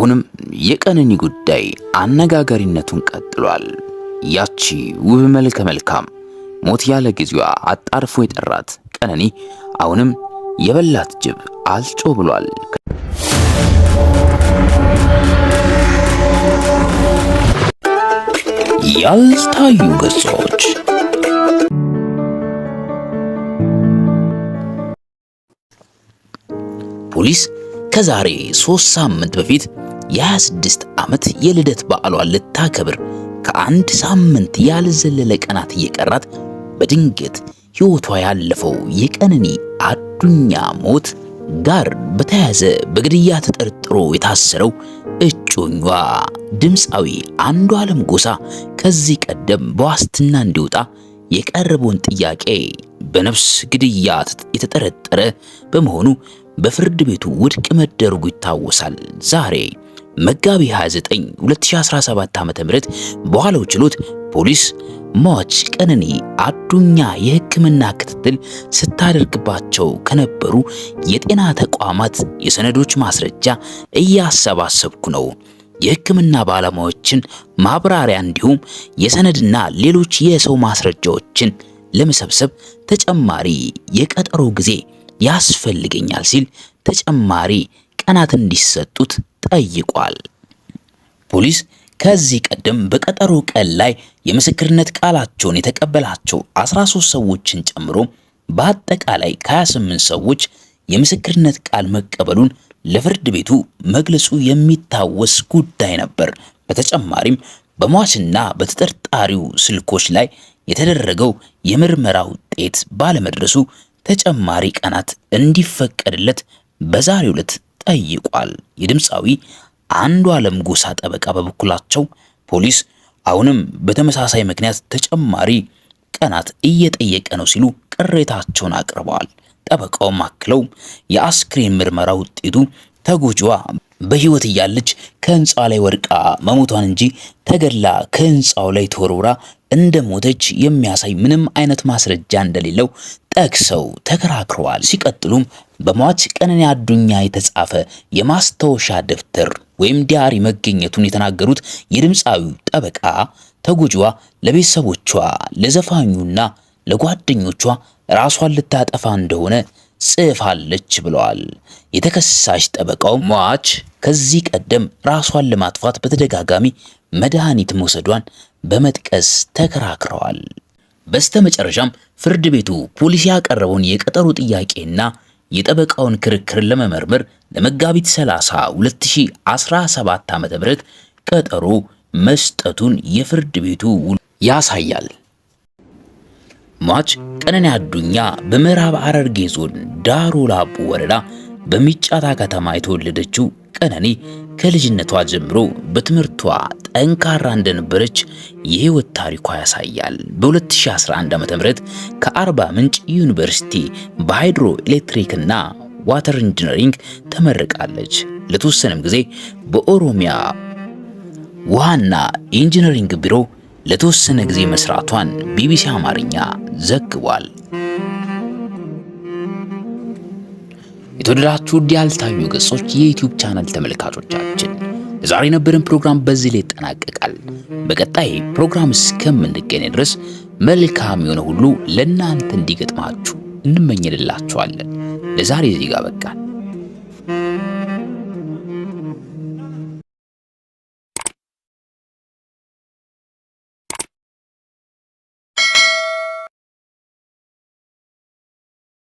አሁንም የቀነኒ ጉዳይ አነጋጋሪነቱን ቀጥሏል። ያቺ ውብ መልከ መልካም ሞት ያለ ጊዜዋ አጣርፎ የጠራት ቀነኒ አሁንም የበላት ጅብ አልጮ ብሏል። ያልታዩ ገጾች ፖሊስ ከዛሬ ሶስት ሳምንት በፊት የ26 ዓመት የልደት በዓሏን ልታከብር ከአንድ ሳምንት ያልዘለለ ቀናት እየቀራት በድንገት ሕይወቷ ያለፈው የቀነኒ አዱኛ ሞት ጋር በተያያዘ በግድያ ተጠርጥሮ የታሰረው እጮኛ ድምፃዊ አንዱዓለም ጎሳ ከዚህ ቀደም በዋስትና እንዲወጣ የቀረበውን ጥያቄ በነፍስ ግድያ የተጠረጠረ በመሆኑ በፍርድ ቤቱ ውድቅ መደረጉ ይታወሳል። ዛሬ መጋቢ 29 2017 ዓ.ም በኋላው ችሎት ፖሊስ ሟች ቀነኒ አዱኛ የሕክምና ክትትል ስታደርግባቸው ከነበሩ የጤና ተቋማት የሰነዶች ማስረጃ እያሰባሰብኩ ነው የሕክምና ባለሙያዎችን ማብራሪያ እንዲሁም የሰነድና ሌሎች የሰው ማስረጃዎችን ለመሰብሰብ ተጨማሪ የቀጠሮ ጊዜ ያስፈልገኛል ሲል ተጨማሪ ቀናት እንዲሰጡት ጠይቋል። ፖሊስ ከዚህ ቀደም በቀጠሮ ቀን ላይ የምስክርነት ቃላቸውን የተቀበላቸው 13 ሰዎችን ጨምሮ በአጠቃላይ ከ28 ሰዎች የምስክርነት ቃል መቀበሉን ለፍርድ ቤቱ መግለጹ የሚታወስ ጉዳይ ነበር። በተጨማሪም በሟችና በተጠርጣሪው ስልኮች ላይ የተደረገው የምርመራ ውጤት ባለመድረሱ ተጨማሪ ቀናት እንዲፈቀድለት በዛሬው ዕለት ጠይቋል። የድምፃዊ አንዱ ዓለም ጎሳ ጠበቃ በበኩላቸው ፖሊስ አሁንም በተመሳሳይ ምክንያት ተጨማሪ ቀናት እየጠየቀ ነው ሲሉ ቅሬታቸውን አቅርበዋል። ጠበቃውም አክለው የአስክሬን ምርመራ ውጤቱ ተጎጂዋ በህይወት እያለች ከህንፃ ላይ ወድቃ መሞቷን እንጂ ተገድላ ከህንፃው ላይ ተወርውራ እንደሞተች የሚያሳይ ምንም አይነት ማስረጃ እንደሌለው ጠቅሰው ተከራክረዋል። ሲቀጥሉም በሟች ቀነኒ አዱኛ የተጻፈ የማስታወሻ ደብተር ወይም ዲያሪ መገኘቱን የተናገሩት የድምፃዊው ጠበቃ ተጎጂዋ ለቤተሰቦቿ ለዘፋኙና ለጓደኞቿ ራሷን ልታጠፋ እንደሆነ ጽፋለች ብለዋል። የተከሳሽ ጠበቃው ሟች ከዚህ ቀደም ራሷን ለማጥፋት በተደጋጋሚ መድኃኒት መውሰዷን በመጥቀስ ተከራክረዋል። በስተመጨረሻም ፍርድ ቤቱ ፖሊስ ያቀረበውን የቀጠሮ ጥያቄና የጠበቃውን ክርክር ለመመርመር ለመጋቢት 30 2017 ዓ.ም ቀጠሮ መስጠቱን የፍርድ ቤቱ ውሎ ያሳያል። ሟች ቀነኒ አዱኛ በምዕራብ ሐረርጌ ዞን ዳሮ ላቡ ወረዳ በሚጫታ ከተማ የተወለደችው ቀነኒ ከልጅነቷ ጀምሮ በትምህርቷ ጠንካራ እንደነበረች የህይወት ታሪኳ ያሳያል። በ2011 ም ከአርባ ምንጭ ዩኒቨርሲቲ በሃይድሮ ኤሌክትሪክና ዋተር ኢንጂነሪንግ ተመርቃለች። ለተወሰነም ጊዜ በኦሮሚያ ውሃና ኢንጂነሪንግ ቢሮ ለተወሰነ ጊዜ መስራቷን ቢቢሲ አማርኛ ዘግቧል። የተወደዳችሁ ውድ ያልታዩ ገጾች የዩቲዩብ ቻናል ተመልካቾቻችን ለዛሬ የነበረን ፕሮግራም በዚህ ላይ ይጠናቀቃል። በቀጣይ ፕሮግራም እስከምንገኝ ድረስ መልካም የሆነ ሁሉ ለእናንተ እንዲገጥማችሁ እንመኝልላችኋለን። ለዛሬ እዚህ ጋር በቃ።